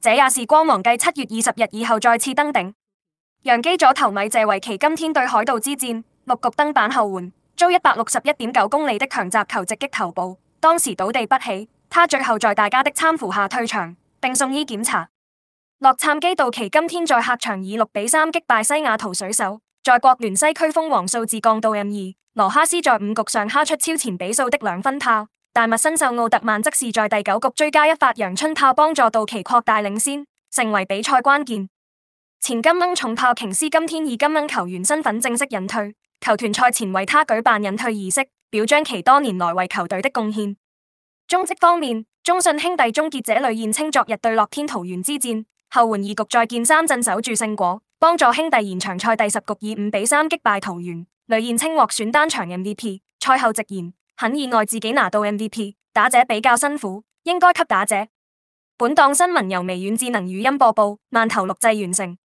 這也是光芒繼七月二十日以後再次登頂。洋基左投米謝維奇今天對海盜之戰六局登板後援，遭一百六十一點九公里的強襲球直擊頭部，當時倒地不起，他最後在大家的攙扶下退場，并送醫檢查。洛杉磯道奇今天在客場以六比三擊敗西雅圖水手，在國聯西區封王數字降到 M2，羅哈斯在五局上敲出超前比數的兩分炮。大麥新秀奧特曼則是在第九局追加一發陽春炮，幫助道奇擴大領先，成為比賽關鍵。前金鶯重炮瓊斯今天以金鶯球員身份正式引退，球團賽前為他舉辦引退儀式，表彰其多年來為球隊的貢獻。中職方面，中信兄弟終結者呂彥青昨日對樂天桃園之戰後援二局再見三振守住勝果，幫助兄弟延長賽第十局以五比三擊敗桃園。呂彥青獲選單場 MVP，賽後直言。很意外自己拿到 MVP，打者比較辛苦，應該給打者。本檔新聞由微軟智能語音播報，饅頭錄製完成。